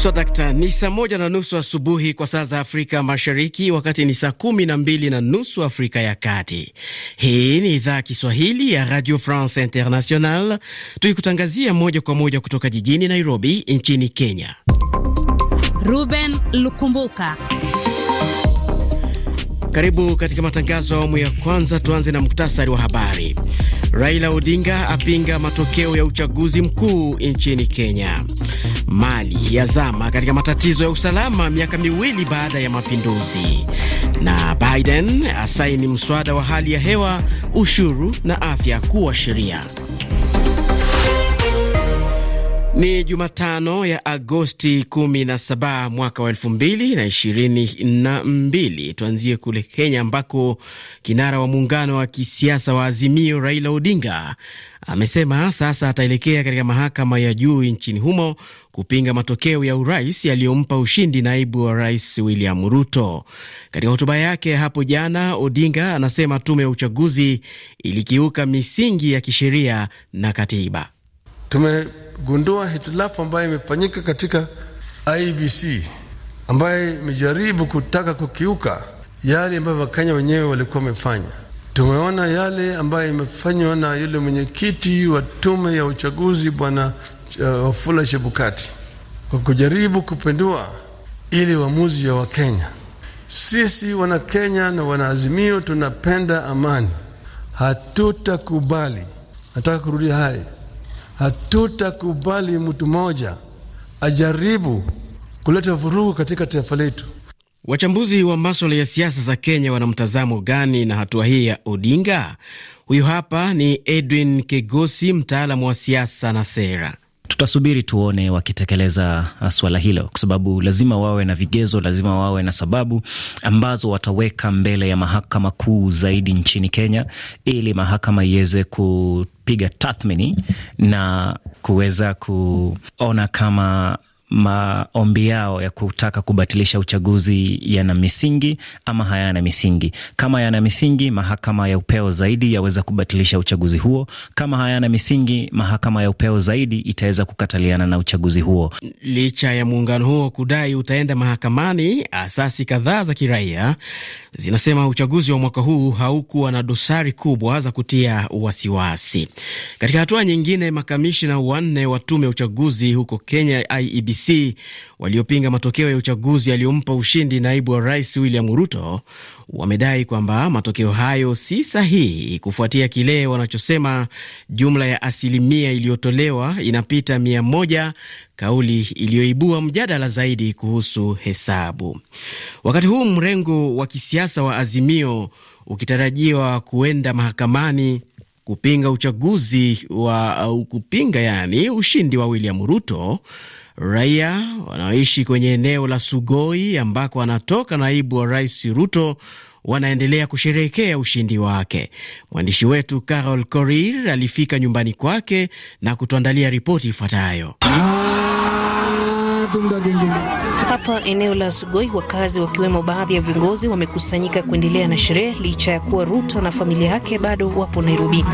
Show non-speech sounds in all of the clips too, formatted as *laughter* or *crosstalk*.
So, dakta ni saa moja na nusu asubuhi kwa saa za Afrika Mashariki, wakati ni saa kumi na mbili na nusu Afrika ya Kati. Hii ni idhaa ya Kiswahili ya Radio France International, tukikutangazia moja kwa moja kutoka jijini Nairobi nchini Kenya. Ruben Lukumbuka, karibu katika matangazo ya awamu ya kwanza. Tuanze na muktasari wa habari. Raila Odinga apinga matokeo ya uchaguzi mkuu nchini Kenya. Mali yazama katika matatizo ya usalama miaka miwili baada ya mapinduzi, na Biden asaini mswada wa hali ya hewa, ushuru na afya kuwa sheria. Ni Jumatano ya Agosti 17 mwaka wa 2022. Tuanzie kule Kenya ambako kinara wa muungano wa kisiasa wa Azimio Raila Odinga amesema sasa ataelekea katika mahakama ya juu nchini humo kupinga matokeo ya urais yaliyompa ushindi naibu wa rais William Ruto. Katika hotuba yake hapo jana, Odinga anasema tume ya uchaguzi ilikiuka misingi ya kisheria na katiba tumegundua hitilafu ambayo imefanyika katika IBC ambayo imejaribu kutaka kukiuka yale ambayo Wakenya wenyewe walikuwa wamefanya. Tumeona yale ambayo imefanywa na yule mwenyekiti wa tume ya uchaguzi Bwana uh, Wafula shebukati Chebukati kwa kujaribu kupindua ili uamuzi ya Wakenya. Sisi Wanakenya na Wanaazimio tunapenda amani, hatutakubali. Nataka kurudia haya Hatutakubali mtu mmoja ajaribu kuleta vurugu katika taifa letu. Wachambuzi wa maswala ya siasa za Kenya wana mtazamo gani na hatua hii ya Odinga? Huyu hapa ni Edwin Kegosi, mtaalamu wa siasa na sera tutasubiri tuone wakitekeleza uh, swala hilo, kwa sababu lazima wawe na vigezo, lazima wawe na sababu ambazo wataweka mbele ya mahakama kuu zaidi nchini Kenya, ili mahakama iweze ku piga tathmini na kuweza kuona kama maombi yao ya kutaka kubatilisha uchaguzi yana misingi ama hayana misingi. Kama yana misingi, mahakama ya upeo zaidi yaweza kubatilisha uchaguzi huo. Kama hayana misingi, mahakama ya upeo zaidi itaweza kukataliana na uchaguzi huo. Licha ya muungano huo kudai utaenda mahakamani, asasi kadhaa za kiraia zinasema uchaguzi wa mwaka huu haukuwa na dosari kubwa za kutia wasiwasi. Katika hatua nyingine, makamishina wanne wa tume ya uchaguzi huko Kenya IEBC FDC waliopinga matokeo ya uchaguzi yaliyompa ushindi naibu wa rais William Ruto wamedai kwamba matokeo hayo si sahihi kufuatia kile wanachosema jumla ya asilimia iliyotolewa inapita mia moja, kauli iliyoibua mjadala zaidi kuhusu hesabu. Wakati huu mrengo wa kisiasa wa Azimio ukitarajiwa kuenda mahakamani kupinga uchaguzi wa kupinga yani ushindi wa William Ruto Raia wanaoishi kwenye eneo la Sugoi ambako anatoka naibu wa rais Ruto wanaendelea kusherehekea ushindi wake. Mwandishi wetu Carol Corir alifika nyumbani kwake na kutuandalia ripoti ifuatayo. Hapa eneo la Sugoi, wakazi wakiwemo baadhi ya viongozi wamekusanyika kuendelea na sherehe licha ya kuwa Ruto na familia yake bado wapo Nairobi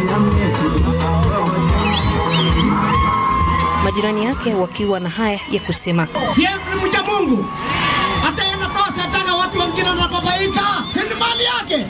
majirani yake wakiwa na haya ya kusema: ni mcha Mungu, watu wengine wanababaika, ni mali yake.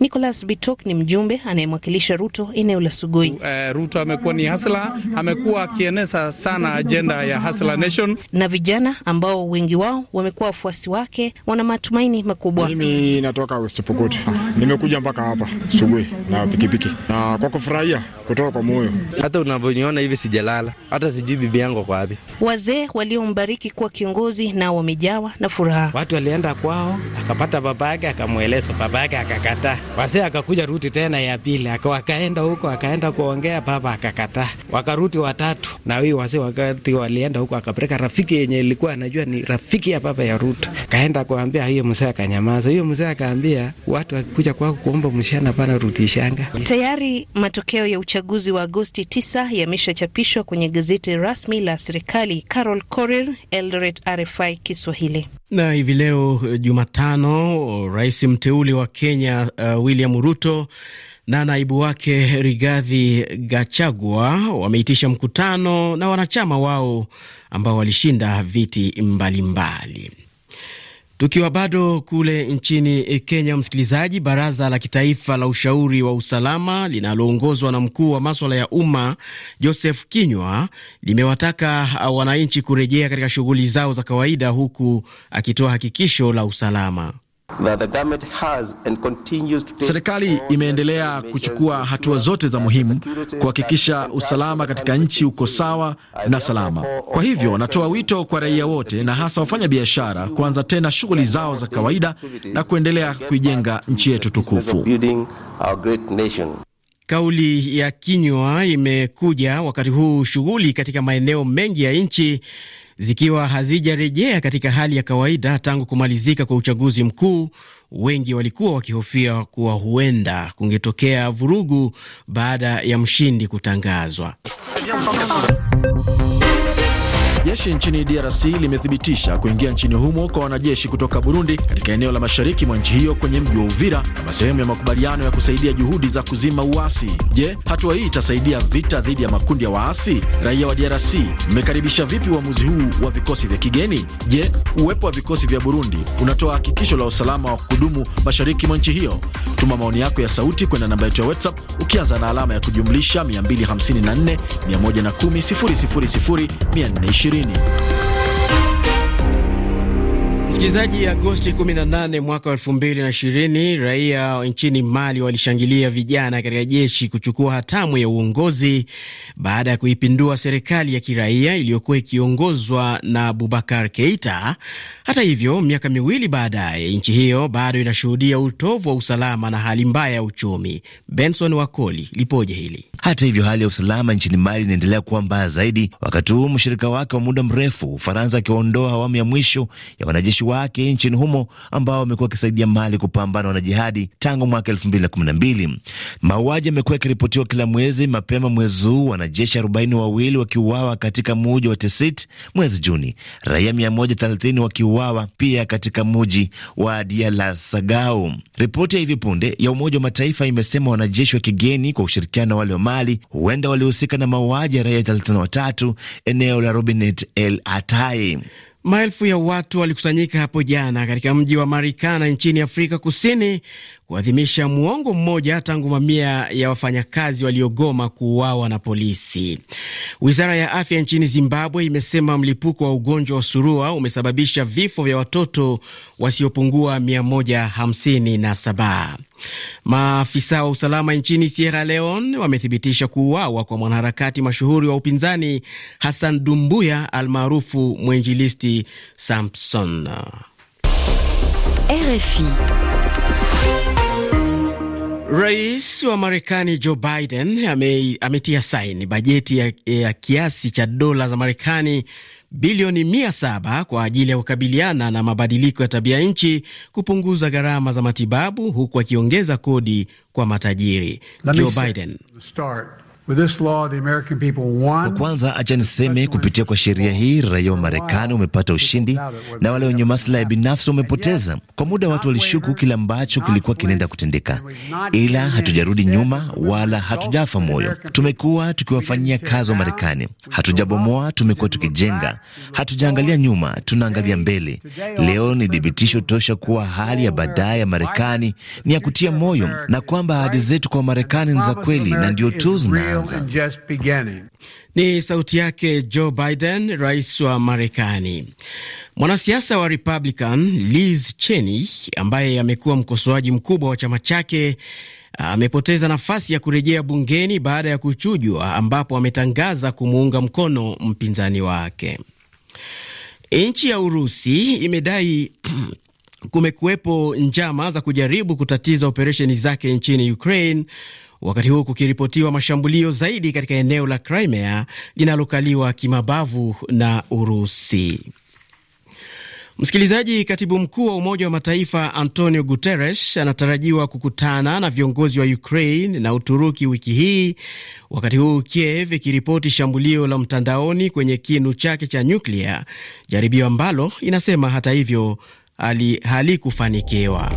Nicholas Bitok ni mjumbe anayemwakilisha Ruto eneo la Sugoi. Uh, Ruto amekuwa ni hasla, amekuwa akieneza sana ajenda ya hasla nation, na vijana ambao wengi wao wamekuwa wafuasi wake wana matumaini makubwa. Mimi natoka West Pokot Nimekuja mpaka hapa asubuhi na pikipiki na kwa kufurahia kutoka kwa moyo. Hata unavyoniona hivi sijalala, hata sijui bibi yangu kwa wapi. Wazee waliombariki kuwa kiongozi na wamejawa na furaha. Watu walienda kwao, akapata baba yake, akamweleza baba yake, akakataa. Wazee akakuja ruti tena ya pili, wakaenda huko, akaenda kuongea, baba akakataa. Wakaruti watatu, na huyu wazee wakati walienda huko, akapeleka rafiki yenye ilikuwa anajua ni rafiki ya baba ya Ruti, kaenda kuambia hiyo mzee, akanyamaza. Hiyo mzee akaambia watu kuja kwako kuomba mshana pana rudishanga. Tayari matokeo ya uchaguzi wa Agosti 9 yameshachapishwa kwenye gazeti rasmi la serikali. Carol Korir, Eldoret, RFI Kiswahili. Na hivi leo eh, Jumatano, rais mteule wa Kenya uh, William Ruto na naibu wake Rigathi Gachagua wameitisha mkutano na wanachama wao ambao walishinda viti mbalimbali mbali. Tukiwa bado kule nchini eh, Kenya, msikilizaji, baraza la kitaifa la ushauri wa usalama linaloongozwa na mkuu wa maswala ya umma Joseph Kinywa limewataka ah, wananchi kurejea katika shughuli zao za kawaida, huku akitoa hakikisho la usalama. Serikali imeendelea kuchukua hatua zote za muhimu kuhakikisha usalama katika nchi uko sawa na salama. Kwa hivyo natoa wito kwa raia wote na hasa wafanya biashara kuanza tena shughuli zao za kawaida na kuendelea kuijenga nchi yetu tukufu. Kauli ya kinywa imekuja wakati huu shughuli katika maeneo mengi ya nchi zikiwa hazijarejea katika hali ya kawaida tangu kumalizika kwa uchaguzi mkuu. Wengi walikuwa wakihofia kuwa huenda kungetokea vurugu baada ya mshindi kutangazwa. Jeshi nchini DRC limethibitisha kuingia nchini humo kwa wanajeshi kutoka Burundi katika eneo la mashariki mwa nchi hiyo kwenye mji wa Uvira kama sehemu ya makubaliano ya kusaidia juhudi za kuzima uasi. Je, hatua hii itasaidia vita dhidi ya makundi ya waasi? Raia wa DRC, mmekaribisha vipi uamuzi huu wa vikosi vya kigeni? Je, uwepo wa vikosi vya Burundi unatoa hakikisho la usalama wa kudumu mashariki mwa nchi hiyo? Tuma maoni yako ya sauti kwenda namba yetu ya WhatsApp ukianza na alama ya kujumlisha 254 110 000 420. Wini. Msikilizaji, Agosti 18 mwaka 2020, raia nchini Mali walishangilia vijana katika jeshi kuchukua hatamu ya uongozi baada ya kuipindua serikali ya kiraia iliyokuwa ikiongozwa na bubakar Keita. Hata hivyo, miaka miwili baadaye, nchi hiyo bado inashuhudia utovu wa usalama na hali mbaya ya uchumi. Benson Wakoli lipoje hili? Hata hivyo, hali ya usalama nchini Mali inaendelea kuwa mbaya zaidi, wakati huu mshirika wake wa muda mrefu Ufaransa akiwaondoa awamu ya mwisho ya wanajeshi wake nchini humo ambao wamekuwa wakisaidia Mali kupambana wanajihadi tangu mwaka mbili. Mauaji yamekuwa yakiripotiwa kila mwezi. Mapema mwezi huu wanajeshi arobaini wawili wakiuawa katika muji wa Tesit. Mwezi Juni raia thelathini wakiuawa pia katika muji wa Diala Sagao. Ripoti ya hivi punde ya Umoja wa Mataifa imesema wanajeshi wa kigeni kwa ushirikiano na wale wa Somali huenda walihusika na mauaji ya raia 33 eneo la Robinet El Atai. Maelfu ya watu walikusanyika hapo jana katika mji wa Marikana nchini Afrika Kusini kuadhimisha muongo mmoja tangu mamia ya wafanyakazi waliogoma kuuawa na polisi. Wizara ya afya nchini Zimbabwe imesema mlipuko wa ugonjwa wa surua umesababisha vifo vya watoto wasiopungua 157. Maafisa wa usalama nchini Sierra Leone wamethibitisha kuuawa kwa mwanaharakati mashuhuri wa upinzani Hassan Dumbuya almaarufu mwinjilisti Samson. RFI. Rais wa Marekani Joe Biden ame, ametia saini bajeti ya, ya kiasi cha dola za Marekani bilioni mia saba kwa ajili ya kukabiliana na mabadiliko ya tabia nchi, kupunguza gharama za matibabu, huku akiongeza kodi kwa matajiri. Joe Biden start. Kwa kwanza, acha niseme kupitia kwa sheria hii raia wa Marekani umepata ushindi na wale wenye maslahi binafsi wamepoteza. Kwa muda watu walishuku kile ambacho kilikuwa kinaenda kutendeka, ila hatujarudi nyuma wala hatujafa moyo. Tumekuwa tukiwafanyia kazi wa Marekani, hatujabomoa, tumekuwa tukijenga, hatujaangalia nyuma, tunaangalia mbele. Leo ni thibitisho tosha kuwa hali ya baadaye ya Marekani ni ya kutia moyo na kwamba ahadi zetu kwa Marekani ni za kweli na ndio tu zina ni sauti yake Joe Biden, rais wa Marekani. Mwanasiasa wa Republican Liz Cheney ambaye amekuwa mkosoaji mkubwa wa chama chake amepoteza nafasi ya kurejea bungeni baada ya kuchujwa, ambapo ametangaza kumuunga mkono mpinzani wake. Nchi ya Urusi imedai *clears throat* kumekuwepo njama za kujaribu kutatiza operesheni zake nchini Ukraine, wakati huu kukiripotiwa mashambulio zaidi katika eneo la Crimea linalokaliwa kimabavu na Urusi. Msikilizaji, katibu mkuu wa Umoja wa Mataifa Antonio Guterres anatarajiwa kukutana na viongozi wa Ukraine na Uturuki wiki hii, wakati huu Kiev ikiripoti shambulio la mtandaoni kwenye kinu chake cha nyuklia, jaribio ambalo inasema hata hivyo halikufanikiwa.